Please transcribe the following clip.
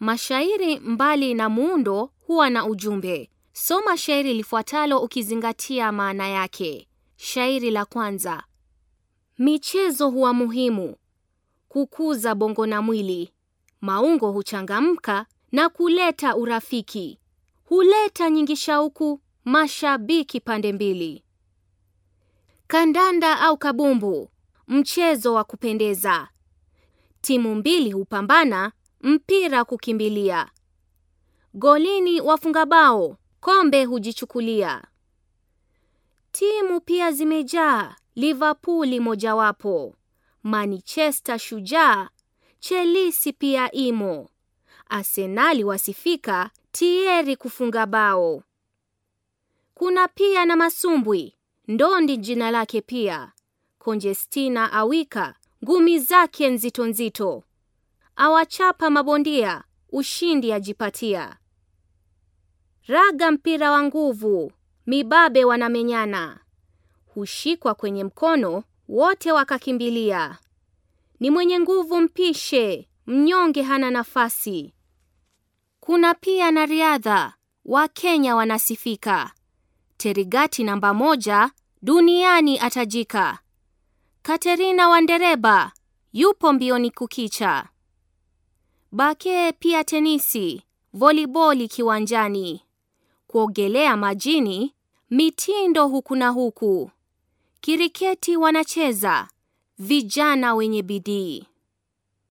Mashairi mbali na muundo huwa na ujumbe. Soma shairi lifuatalo ukizingatia maana yake. Shairi la kwanza. Michezo huwa muhimu kukuza bongo na mwili. Maungo huchangamka na kuleta urafiki. Huleta nyingi shauku, mashabiki pande mbili. Kandanda au kabumbu, mchezo wa kupendeza. Timu mbili hupambana Mpira kukimbilia. Golini wafunga bao, kombe hujichukulia. Timu pia zimejaa, Liverpool mojawapo, Manchester shujaa, Chelsea pia imo. Arsenali wasifika, Thierry kufunga bao. Kuna pia na masumbwi, ndondi jina lake pia. Conjestina awika, ngumi zake nzito nzito awachapa mabondia, ushindi ajipatia. Raga mpira wa nguvu, mibabe wanamenyana, hushikwa kwenye mkono, wote wakakimbilia. Ni mwenye nguvu mpishe, mnyonge hana nafasi. Kuna pia na riadha, Wakenya wanasifika. Terigati namba moja duniani atajika. Katerina Wandereba yupo mbioni kukicha. Bakee pia tenisi, voliboli kiwanjani, kuogelea majini, mitindo huku na huku. Kiriketi wanacheza vijana wenye bidii.